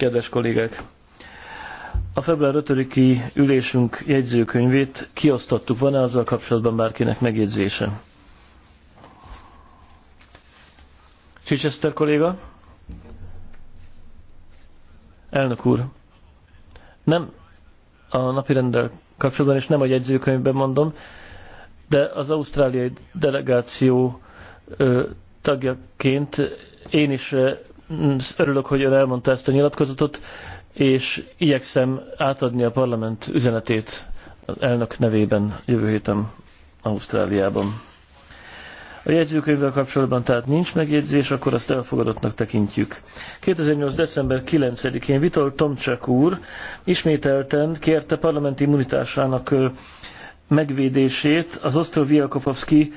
kedves kollégák! A február 5-i ülésünk jegyzőkönyvét kiosztottuk. Van-e azzal kapcsolatban bárkinek megjegyzése? Csicsester kolléga? Elnök úr, nem a rendel kapcsolatban, és nem a jegyzőkönyvben mondom, de az ausztráliai delegáció ö, tagjaként én is Mm, örülök, hogy ön elmondta ezt a nyilatkozatot, és igyekszem átadni a parlament üzenetét az elnök nevében jövő héten Ausztráliában. A jegyzőkönyvvel kapcsolatban tehát nincs megjegyzés, akkor azt elfogadottnak tekintjük. 2008. december 9-én Vitol Tomcsak úr ismételten kérte parlamenti immunitásának megvédését az Osztrov Jakopovszki